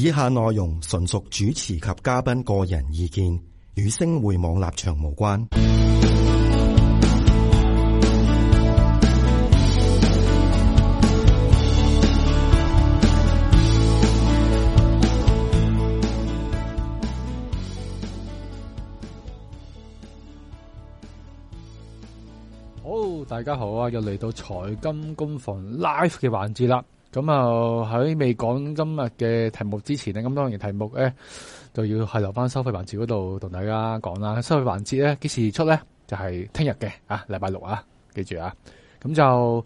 以下內容純屬主持及嘉賓個人意見，與星匯網立場無關。好，大家好啊，又嚟到財金工房 live 嘅環節啦。咁啊喺未講今日嘅題目之前咧咁當然題目咧就要係留翻收費環節嗰度同大家講啦。收費環節咧幾時出咧？就係聽日嘅啊，禮拜六啊，記住啊。咁就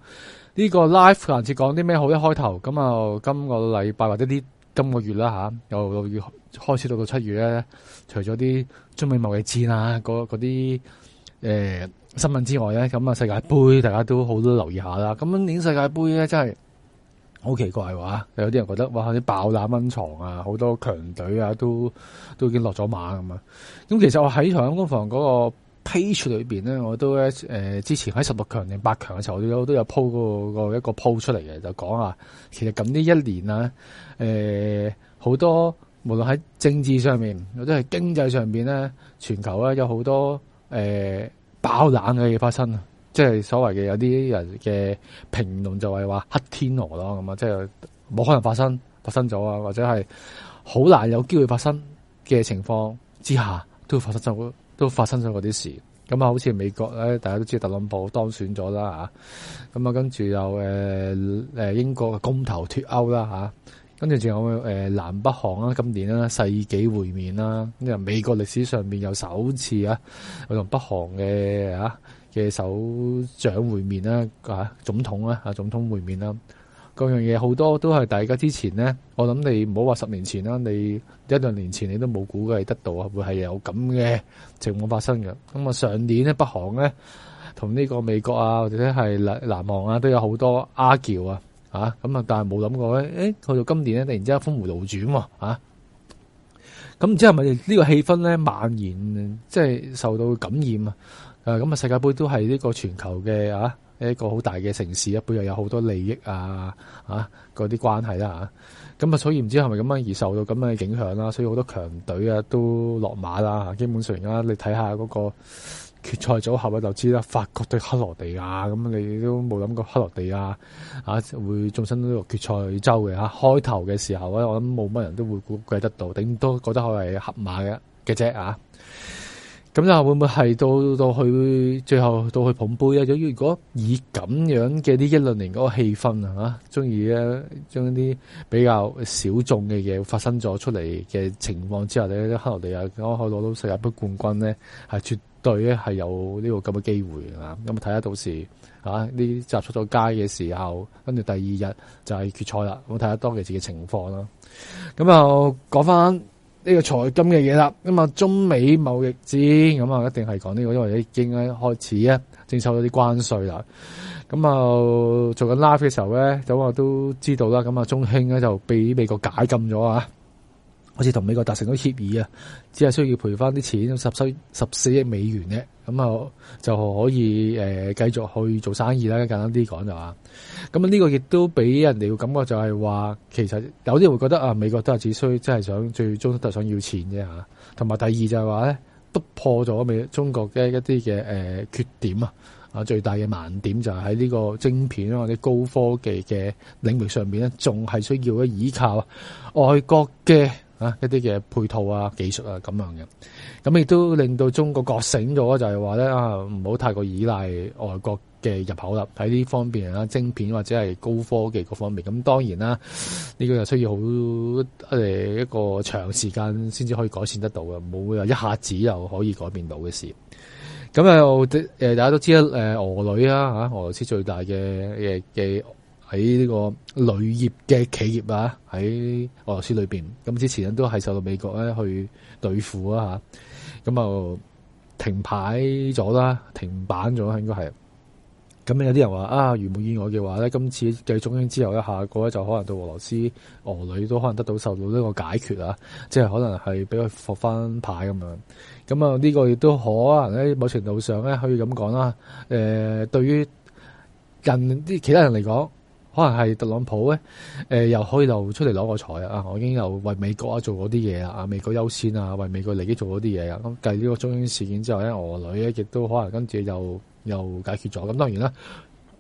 呢個 Live 環節講啲咩好一開頭咁啊，就今個禮拜或者啲今個月啦、啊、吓，由六月開始到到七月咧，除咗啲中美貿易戰啊，嗰啲誒新聞之外咧，咁啊世界杯大家都好多留意下啦。咁今年世界杯咧真係～好奇怪喎，有啲人覺得哇啲爆冷蚊床啊，好多強隊啊都都已經落咗馬咁啊！咁其實我喺財金工房嗰個 page 裏面咧，我都咧、呃、之前喺十六強定八強嘅時候都有都有鋪過一個鋪出嚟嘅，就講啊，其實咁呢一年啊，誒、呃、好多無論喺政治上面，或者係經濟上面咧，全球咧有好多誒、呃、爆冷嘅嘢發生啊！即係所謂嘅有啲人嘅評論就係話黑天鵝咯咁啊，即係冇可能發生發生咗啊，或者係好難有機會發生嘅情況之下，都會發生咗都發生咗嗰啲事。咁啊，好似美國咧，大家都知道特朗普當選咗啦啊，咁啊，跟住又誒誒英國嘅公投脫歐啦吓。啊跟住仲有誒南北韓啦，今年啦世紀會面啦，因為美國歷史上面有首次啊，佢同北韓嘅啊嘅首長會面啦，啊總統啦啊總統會面啦，各樣嘢好多都係大家之前呢，我諗你唔好話十年前啦，你一兩年前你都冇估計得到啊，會係有咁嘅情況發生嘅。咁啊上年呢，北韓呢，同呢個美國啊或者係南南韓啊都有好多拗撬啊。啊，咁啊，但係冇諗過咧，誒、欸，去到今年咧，突然之間峰回路轉喎、啊，啊，咁、啊、唔知係咪呢個氣氛咧蔓延，即、就、係、是、受到感染啊，誒、啊，咁啊，世界杯都係呢個全球嘅啊，一個好大嘅城市，背後又有好多利益啊，啊，嗰啲關係啦、啊，吓，咁啊，所以唔知係咪咁樣而受到咁嘅影響啦、啊，所以好多強隊啊都落馬啦、啊，基本上而家你睇下嗰、那個。決賽組合啊，就知啦。法國對克羅地亞，咁你都冇諗過克羅地亞啊會晉身到決賽周嘅吓。開頭嘅時候咧，我諗冇乜人都會估計得到，頂多覺得佢係黑馬嘅嘅啫啊。咁啊，會唔會係到到去最後到去捧杯啊？如果以咁樣嘅呢一兩年嗰個氣氛啊，吓中意咧將啲比較小眾嘅嘢發生咗出嚟嘅情況之下咧，克羅地亞可以攞到世界杯冠軍咧，係絕。對咧係有呢個咁嘅機會啊，咁睇下到時啊呢集出咗街嘅時候，跟住第二日就係決賽啦，咁睇下當其時嘅情況啦。咁啊講翻呢個財金嘅嘢啦，咁啊中美貿易戰，咁啊一定係講呢個，因為已經開始啊，徵收咗啲關稅啦。咁啊做緊 live 嘅時候咧，咁啊都知道啦，咁啊中興咧就俾美國解禁咗啊。好似同美國達成咗協議啊，只係需要賠翻啲錢，十收十四億美元呢，咁啊就可以、呃、繼續去做生意啦。簡單啲講就話，咁啊呢個亦都俾人哋嘅感覺就係話，其實有啲人會覺得啊，美國都係只需真係想最終都係想要錢啫嚇。同埋第二就係話咧，突破咗美中國嘅一啲嘅、呃、缺點啊，啊最大嘅盲點就係喺呢個晶片或者高科技嘅領域上面呢，咧，仲係需要依靠外國嘅。一啲嘅配套啊、技術啊咁樣嘅，咁亦都令到中國覺醒咗，就係話咧啊，唔好太過依賴外國嘅入口啦。喺呢方面啊，晶片或者係高科技各方面，咁當然啦，呢、這個又需要好誒一個長時間先至可以改善得到嘅，冇話一下子又可以改變到嘅事。咁又、呃、大家都知啦，誒俄女啊嚇，俄羅斯最大嘅嘅。呃呃喺呢個鋁業嘅企業啊，喺俄羅斯裏邊，咁之前都係受到美國咧去對付啊吓，咁啊停牌咗啦，停板咗應該係。咁有啲人話啊，如冇意外嘅話咧，今次繼續中英之後一下，嗰位就可能到俄羅斯俄鋁都可能得到受到呢個解決啊，即係可能係俾佢復翻牌咁樣，咁啊呢個亦都可能咧，某程度上咧可以咁講啦，誒、呃、對於近啲其他人嚟講。可能係特朗普咧，誒、呃、又可以就出嚟攞個財啊！我已經又為美國啊做嗰啲嘢啦，啊美國優先啊，為美國利益做嗰啲嘢啊！咁繼呢個中英事件之後咧，俄女咧亦都可能跟住又又解決咗。咁、啊、當然啦。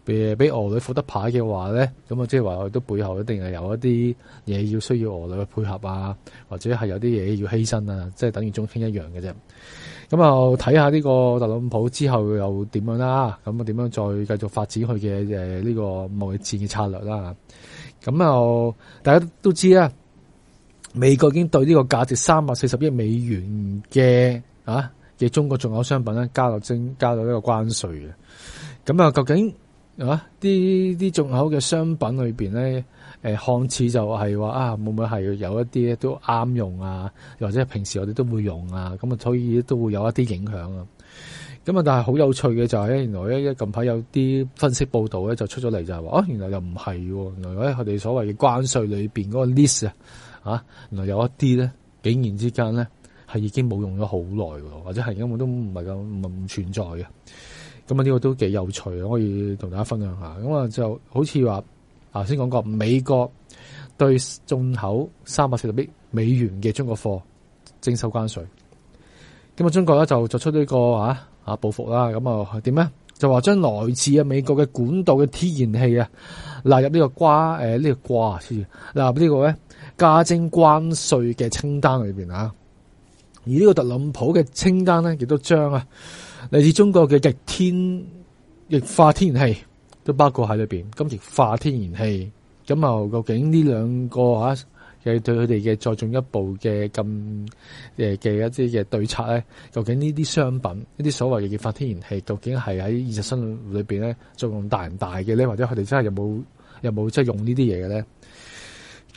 俾俄女獲得牌嘅話咧，咁啊即係話都背後一定係有一啲嘢要需要俄女嘅配合啊，或者係有啲嘢要犧牲啊，即係等於中興一樣嘅啫。咁啊，睇下呢個特朗普之後又點樣啦？咁啊，點樣再繼續發展佢嘅誒呢個貿易戰嘅策略啦？咁啊，大家都知啦、啊，美國已經對呢個價值三百四十億美元嘅啊嘅中國仲有商品咧加到增加到呢個關稅嘅，咁啊，究竟？啊！啲啲進口嘅商品裏邊咧，誒、呃，看似就係話啊，會唔會係有一啲都啱用啊，又或者平時我哋都會用啊，咁啊，所以都會有一啲影響啊。咁、嗯、啊，但係好有趣嘅就係、是，原來咧一近排有啲分析報道咧就出咗嚟，就係話，啊原來又唔係、啊，原來咧佢哋所謂嘅關稅裏邊嗰個 list 啊，原來有一啲咧，竟然之間咧係已經冇用咗好耐，或者係根本都唔係咁唔存在嘅。咁啊，呢個都幾有趣啊！可以同大家分享下。咁啊，就好似話頭先講過，美國對進口三百四十億美元嘅中國貨徵收關稅。咁啊，中國咧就作出呢、這個啊啊報復啦。咁啊，點、啊、咧就話將來自啊美國嘅管道嘅天然氣啊納入呢個瓜誒呢、啊這個瓜啊，嗱呢個咧加徵關稅嘅清單裏邊啊。而呢個特朗普嘅清單咧，亦都將啊，嚟自中國嘅逆天液化天然氣都包括喺裏邊。咁液化天然氣，咁啊、嗯，究竟呢兩個啊，又對佢哋嘅再進一步嘅咁誒嘅一啲嘅對策咧？究竟呢啲商品，呢啲所謂嘅液化天然氣，究竟係喺現實生活裏邊咧作用大唔大嘅咧？或者佢哋真係有冇有冇即係用這些東西的呢啲嘢嘅咧？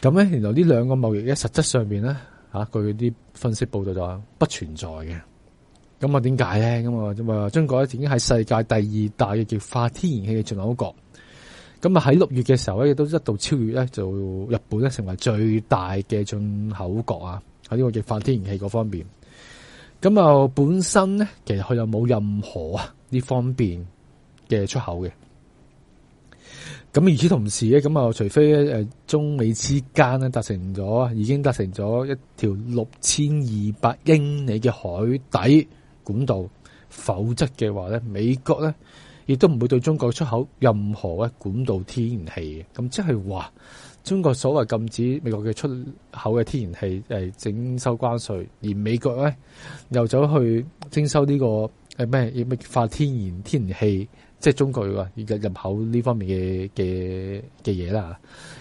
咁、嗯、咧，原來呢兩個貿易嘅實質上邊咧。啊！佢啲分析報道就話不存在嘅，咁啊點解咧？咁啊，中國咧已經係世界第二大嘅液化天然氣嘅進口國，咁啊喺六月嘅時候咧亦都一度超越咧就日本咧成為最大嘅進口國，啊喺呢個液化天然氣嗰方面，咁啊本身咧其實佢又冇任何啊呢方面嘅出口嘅。咁與此同時咧，咁啊，除非誒中美之間呢達成咗，已經達成咗一條六千二百英里嘅海底管道，否則嘅話咧，美國咧亦都唔會對中國出口任何嘅管道天然氣嘅。咁即係話，中國所謂禁止美國嘅出口嘅天然氣，誒徵收關稅，而美國咧又走去徵收呢個誒咩咩化天然天然氣。即係中國嘅，入入口呢方面嘅嘅嘅嘢啦，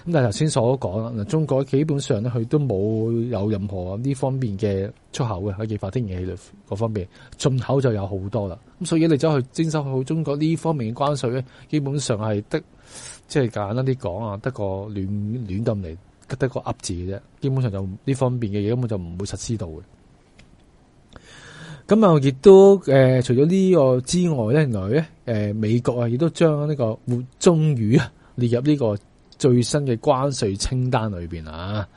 咁但係頭先所講，嗱，中國基本上咧，佢都冇有任何呢方面嘅出口嘅，喺液化天然氣嗰方面，進口就有好多啦。咁所以你走去征收去中國呢方面嘅關稅咧，基本上係得即係、即係、簡單啲講啊，得個亂亂抌嚟，得個噏字嘅啫。基本上就呢方面嘅嘢根本就唔會實施到嘅。咁啊，亦都誒，除咗呢個之外咧，原來咧。誒、呃，美國啊，亦都將呢個活中魚啊列入呢個最新嘅關稅清單裏邊啊。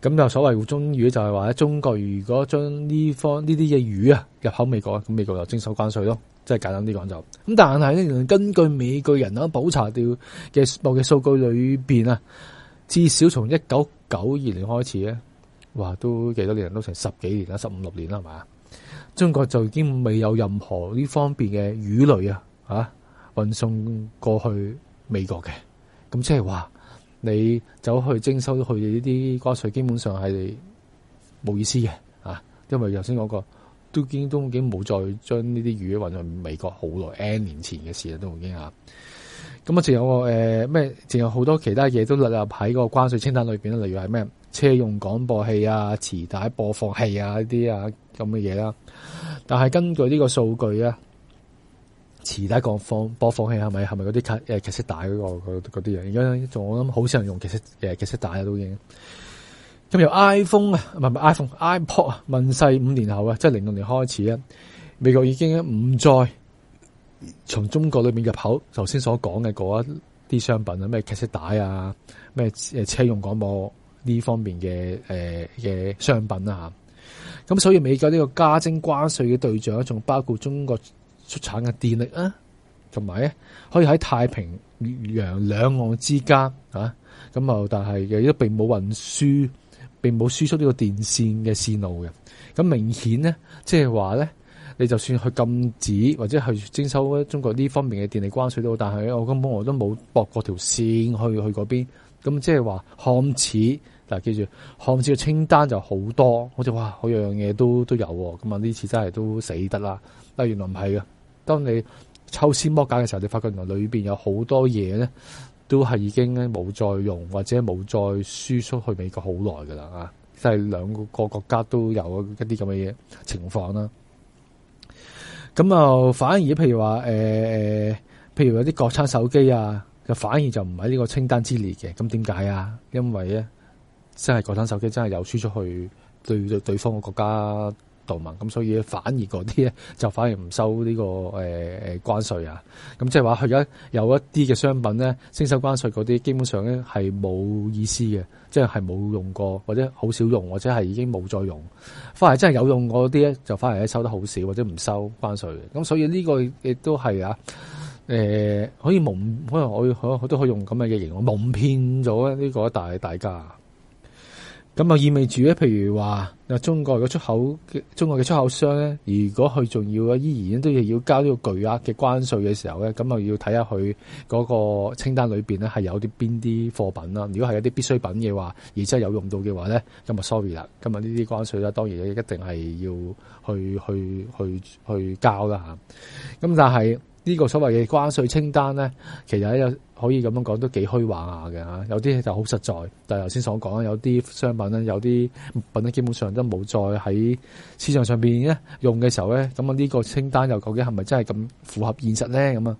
咁就所謂活中魚，就係話咧，中國如果將呢方呢啲嘅魚啊入口美國，咁美國就徵收關稅咯。即係簡單啲講就。咁但係咧，根據美國人口普查掉嘅報告數據裏邊啊，至少從一九九二年開始咧，哇，都幾多年，都成十幾年啦，十五六年啦，係嘛？中國就已經未有任何呢方面嘅魚類啊，啊，運送過去美國嘅，咁即係話你走去徵收佢哋呢啲關稅，基本上係冇意思嘅啊，因為頭先講過，都已經都已經冇再將呢啲魚運去美國好耐 N 年前嘅事啦，都已經啊。咁我仲有個誒咩？仲、呃、有好多其他嘢都列入喺個關稅清單裏邊，例如係咩車用廣播器啊、磁帶播放器啊呢啲啊咁嘅嘢啦。但係根據呢個數據啊，磁帶播放播放器係咪係咪嗰啲卡誒卡式帶嗰個嗰啲啊？而家仲我諗好少人用卡式誒卡式帶啊，呃、都已經。咁由 iPhone 啊，唔係唔係 iPhone，iPod 啊，問世五年後啊，即係零六年開始啊，美國已經唔再。從中國裏面入口，頭先所講嘅嗰一啲商品啊，咩卡式帶啊，咩誒車用廣播呢方面嘅誒嘅商品啊。咁所以美國呢個加徵關稅嘅對象，仲包括中國出產嘅電力啊，同埋咧可以喺太平洋兩岸之間啊，咁啊，但係又都並冇運輸，並冇輸出呢個電線嘅線路嘅，咁明顯呢，即係話咧。你就算去禁止或者去徵收中國呢方面嘅電力關稅都好，但係我根本我都冇駁過條線去去嗰邊。咁即係話看似嗱，記住看似嘅清單就好多，好似哇，好樣樣嘢都都有咁啊！呢次真係都死得啦。但原來唔係啊。當你抽絲剝繭嘅時候，你發覺原來裏邊有好多嘢咧，都係已經冇再用或者冇再輸出去美國好耐噶啦啊。即係兩個個國家都有一啲咁嘅嘢情況啦。咁啊，反而譬如話，誒、呃、誒，譬如有啲國產手機啊，就反而就唔喺呢個清單之列嘅。咁點解啊？因為咧，真係國產手機真係有輸出去對對對方嘅國家。度嘛，咁所以反而嗰啲咧就反而唔收呢、呢個誒誒、呃、關稅啊，咁即係話佢而家有一啲嘅商品咧徵收關稅嗰啲，基本上咧係冇意思嘅，即係係冇用過或者好少用，或者係已經冇再用。反而真係有用嗰啲咧，就反而收得好少或者唔收關稅嘅。咁所以呢個亦都係啊誒，可以蒙可能我可我，我都可以用咁樣嘅形容蒙騙咗呢、呢個大大家。咁啊意味住咧，譬如話嗱，中國嘅出口，中國嘅出口商咧，如果佢仲要啊，依然都要交呢個巨額嘅關稅嘅時候咧，咁啊要睇下佢嗰個清單裏邊咧係有啲邊啲貨品啦。如果係一啲必需品嘅話，而且係有用到嘅話咧，今日 sorry 啦，今日呢啲關稅啦當然一定係要去去去去交啦吓。咁但係。呢個所謂嘅關稅清單呢，其實有可以咁樣講，都幾虛幻下嘅嚇，有啲就好實在，但係頭先所講有啲商品呢，有啲物品呢，基本上都冇再喺市場上邊呢用嘅時候呢。咁啊呢個清單又究竟係咪真係咁符合現實呢？咁啊？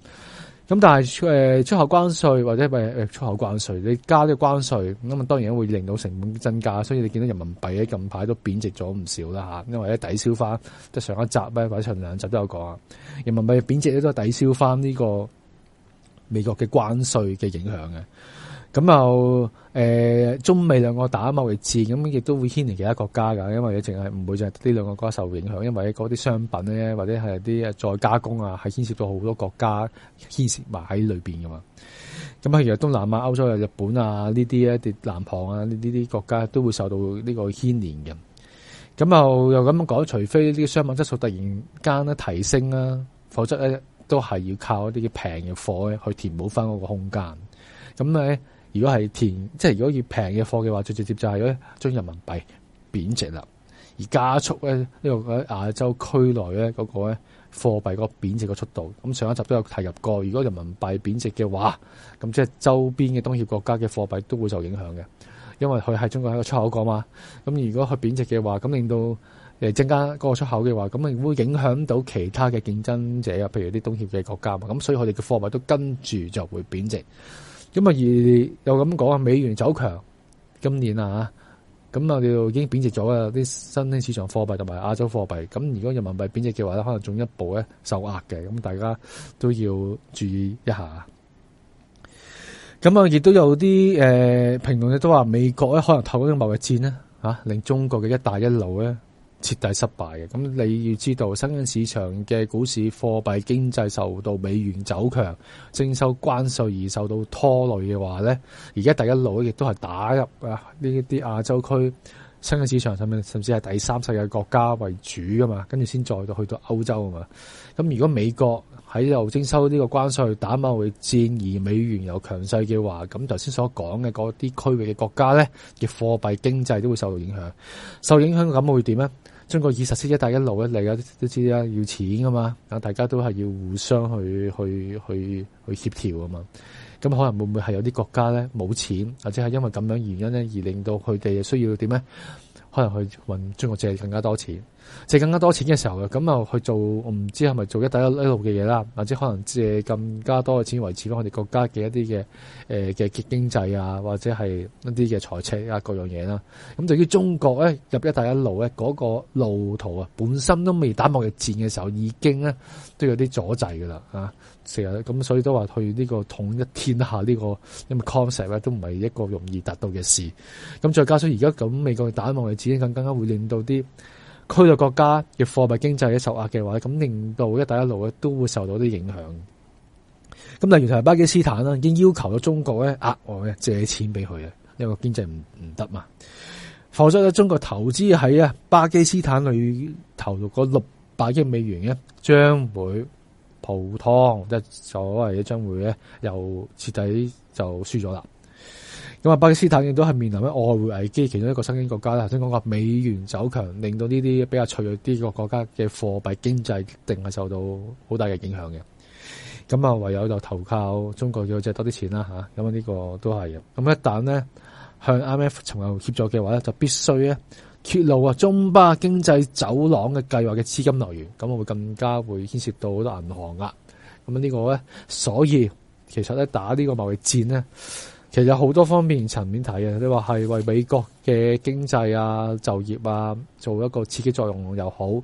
咁但係出誒出口關稅或者咪誒出口關稅，你加啲關稅咁啊，當然會令到成本增加，所以你見到人民幣喺近排都貶值咗唔少啦吓，因為咧抵消翻即係上一集咧或者上兩集都有講啊，人民幣貶值咧都抵消翻呢個美國嘅關稅嘅影響嘅。咁又誒、呃，中美兩個打貿易戰，咁亦都會牽連其他國家㗎，因為咧淨係唔會就係呢兩個國家受影響，因為嗰啲商品咧，或者係啲再加工啊，係牽涉到好多國家牽涉埋喺裏面㗎嘛。咁啊，其實東南亞、歐洲、日本啊呢啲一啲南韓啊呢啲啲國家都會受到呢個牽連嘅。咁又又咁樣講，除非呢啲商品質素突然間咧提升啦，啊，否則咧都係要靠一啲平嘅貨去填補翻嗰個空間。咁如果係填，即係如果要平嘅貨嘅話，最直接就係咧將人民幣貶值啦，而加速咧呢個亞洲區內咧嗰個咧貨幣嗰貶值個速度。咁上一集都有提及過，如果人民幣貶值嘅話，咁即係周邊嘅東協國家嘅貨幣都會受影響嘅，因為佢係中國一個出口國嘛。咁如果佢貶值嘅話，咁令到誒增加個出口嘅話，咁會影響到其他嘅競爭者啊，譬如啲東協嘅國家嘛。咁所以佢哋嘅貨幣都跟住就會貶值。咁啊，而又咁講啊，美元走強，今年啊吓，咁啊，又已經貶值咗啊，啲新興市場貨幣同埋亞洲貨幣。咁如果人民幣貶值嘅話咧，可能仲一步咧受壓嘅，咁大家都要注意一下。咁啊，亦都有啲誒評論都話美國咧可能透過呢個貿易戰呢令中國嘅一帶一路。咧。徹底失敗嘅。咁你要知道，新興市場嘅股市、貨幣經濟受到美元走強、徵收關稅而受到拖累嘅話咧，而家第一路亦都係打入啊呢一啲亞洲區新興市場上面，甚至係第三世界國家為主噶嘛，跟住先再到去到歐洲啊嘛。咁如果美國喺度徵收呢個關稅、打貿易戰，而美元又強勢嘅話，咁頭先所講嘅嗰啲區域嘅國家咧嘅貨幣經濟都會受到影響，受影響咁會點咧？中國已實施一帶一路咧，都知道要錢，大家都知啦，要錢噶嘛，啊，大家都係要互相去去去去協調噶嘛。咁可能會唔會係有啲國家咧冇錢，或者係因為咁樣的原因咧，而令到佢哋需要點咧？可能去搵中國借更加多錢。借更加多錢嘅時候嘅咁啊，咁就去做，我唔知係咪做一帶一一路嘅嘢啦，或者可能借更加多嘅錢維持翻我哋國家嘅一啲嘅誒嘅經濟啊，或者係一啲嘅財政啊，各樣嘢啦、啊。咁對於中國咧入一帶一路咧嗰、那個路途啊，本身都未打貿易戰嘅時候，已經咧都有啲阻滯噶啦吓成日咁，所以都話去呢個統一天下呢、這個咁嘅、這個、concept 咧，都唔係一個容易達到嘅事。咁再加上而家咁美國去打貿易戰，更加會令到啲。區域國家嘅貨幣經濟受壓嘅話，咁令到一帶一路咧都會受到啲影響。咁例如同巴基斯坦啦，已經要求咗中國咧額外咧借錢俾佢啊，因為經濟唔唔得嘛。否則咧，中國投資喺啊巴基斯坦裏投入嗰六百億美元咧，將會泡湯，即係所謂咧，將會咧又徹底就輸咗啦。咁啊，巴基斯坦亦都係面臨咧外匯危機，其中一個新興國家咧。頭先講過美元走強，令到呢啲比較脆弱啲個國家嘅貨幣經濟，定係受到好大嘅影響嘅。咁啊，唯有就投靠中國，要借多啲錢啦吓。咁啊，呢個都係嘅。咁一旦呢向 IMF 尋求協助嘅話咧，就必須咧揭露啊中巴經濟走廊嘅計劃嘅資金來源。咁啊，會更加會牽涉到好多銀行啦、啊、咁呢個咧，所以其實咧打呢個貿易戰呢。其實有好多方面層面睇嘅。你話係為美國嘅經濟啊、就業啊，做一個刺激作用又好，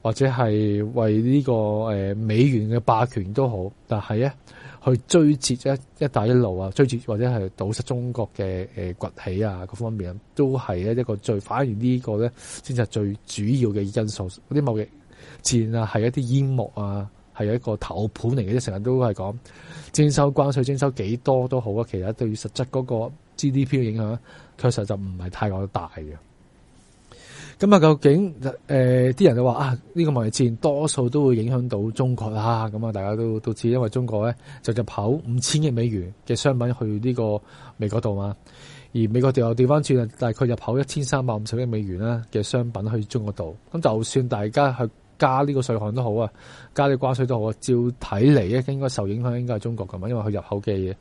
或者係為呢、這個誒、呃、美元嘅霸權都好，但係咧去追截一一帶一路啊，追截或者係堵塞中國嘅誒、呃、崛起啊，各方面、啊、都係一個最，反而這個呢個咧先至係最主要嘅因素，啲貿易戰啊，係一啲煙幕啊。係一個頭盤嚟嘅。啲成日都係講徵收關稅，徵收幾多都好啊，其實對於實質嗰個 GDP 嘅影響，確實就唔係太過大嘅。咁、呃、啊，究竟誒，啲人就話啊，呢個貿易戰多數都會影響到中國啦。咁啊，大家都都知因為中國咧就入口五千億美元嘅商品去呢個美國度嘛，而美國就又調翻轉，大概入口一千三百五十億美元啦嘅商品去中國度。咁就算大家去。加呢個稅項都好啊，加你關稅都好啊。照睇嚟咧，應該受影響應該係中國噶嘛，因為佢入口嘅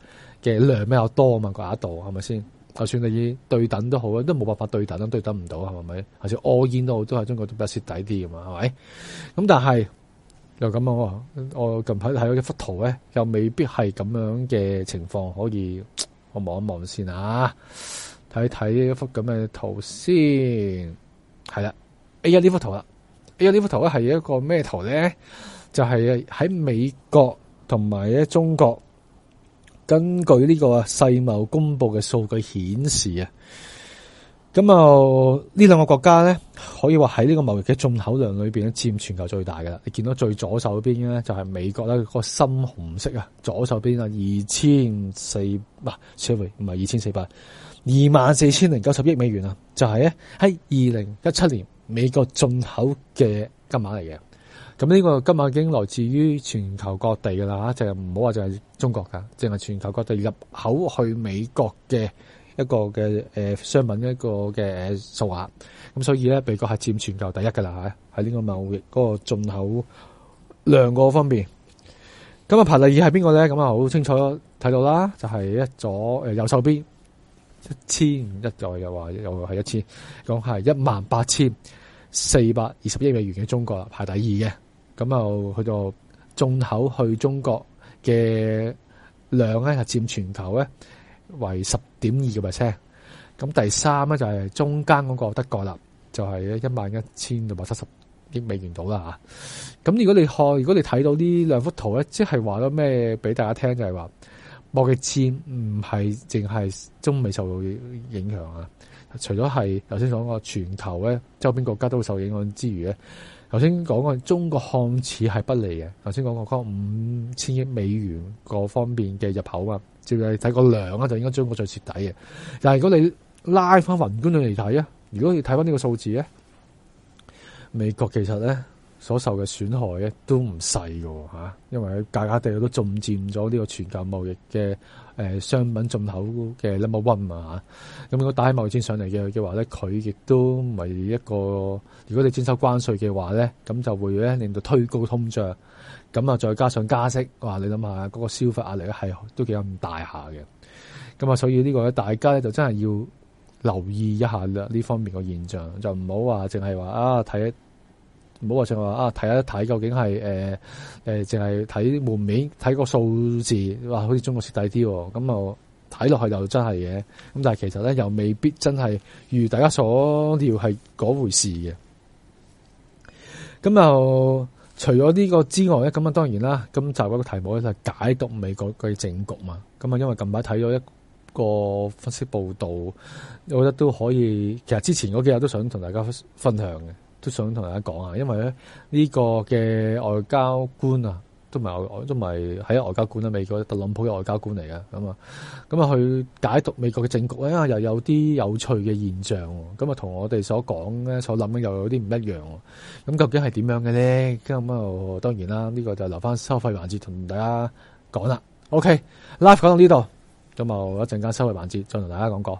嘅量比較多啊嘛，嗰個一度係咪先？就算你對等都好啊，都冇辦法對等，對等唔到係咪？還是，是外延都好，都係中國比較蝕底啲噶嘛，係咪？咁但係又咁樣喎。我近排睇咗一幅圖咧，又未必係咁樣嘅情況，可以我望一望先啊，睇睇一幅咁嘅圖先。係啦，哎呀，呢幅圖啊。呢幅圖咧係一個咩圖咧？就係喺美國同埋咧中國，根據呢個世貿公布嘅數據顯示啊，咁啊呢兩個國家咧可以話喺呢個貿易嘅進口量裏邊咧佔全球最大噶啦。你見到最左手邊咧就係美國咧，個深紅色啊，左手邊24，啊二千四唔係 sorry 唔係二千四百二萬四千零九十億美元啊，就係咧喺二零一七年。美國進口嘅金額嚟嘅，咁呢個金額已經來自於全球各地噶啦吓，就唔好話就係中國噶，淨係全球各地入口去美國嘅一個嘅誒、呃、商品一個嘅數額，咁、呃、所以咧美國係佔全球第一噶啦吓，喺呢個貿易嗰個進口量個方面。咁啊，排第二係邊個咧？咁啊，好清楚睇到啦，就係、是、一左誒、呃、右手邊。一千五一代又話又係一千，講係一萬八千四百二十億美元嘅中國啦，排第二嘅。咁又去到，進口去中國嘅量咧，係佔全球咧為十點二嘅 percent。咁第三咧就係、是、中間嗰個德國啦，就係一萬一千六百七十億美元到啦啊。咁如,如果你看，如果你睇到呢兩幅圖咧，即係話咗咩俾大家聽就係話，就係話。貿易戰唔係淨係中美受到影響啊，除咗係頭先講個全球咧，周邊國家都會受影響之餘咧，頭先講過中國看似係不利嘅，頭先講個講五千億美元嗰方面嘅入口啊，照住睇個量啊，就應該中國最蝕底嘅。但係如果你拉翻宏觀去嚟睇啊，如果你睇翻呢個數字咧，美國其實咧。所受嘅損害咧都唔細嘅嚇，因為佢家家地都佔佔咗呢個全球貿易嘅誒、呃、商品進口嘅 number one 啊，咁如果打起貿易戰上嚟嘅嘅話咧，佢亦都唔係一個，如果你徵收關稅嘅話咧，咁就會咧令到推高通脹，咁啊再加上加息，哇！你諗下嗰個消費壓力咧係都幾咁大下嘅，咁啊所以呢、呢個咧大家咧就真係要留意一下呢呢方面嘅現象，就唔好話淨係話啊睇。唔好話就話啊！睇一睇究竟係誒誒，淨係睇門面，睇個數字，哇！好似中國蝕底啲喎。咁、哦、啊，睇落去又真係嘅。咁但係其實咧，又未必真係如大家所料係嗰回事嘅。咁又除咗呢個之外咧，咁啊當然啦，咁就嗰個題目咧就解讀美國嘅政局嘛。咁啊，因為近排睇咗一個分析報道，我覺得都可以。其實之前嗰幾日都想同大家分享嘅。都想同大家講啊，因為咧呢個嘅外交官啊，都唔係外，都唔係喺外交官啦，美國特朗普嘅外交官嚟嘅咁啊，咁啊去解讀美國嘅政局咧，因為又有啲有趣嘅現象，咁啊同我哋所講咧、所諗嘅又有啲唔一樣，咁究竟係點樣嘅咧？咁啊當然啦，呢、呢個就留翻收費環節同大家講啦。OK，live、okay，講到呢度，咁啊一陣間收費環節再同大家講過。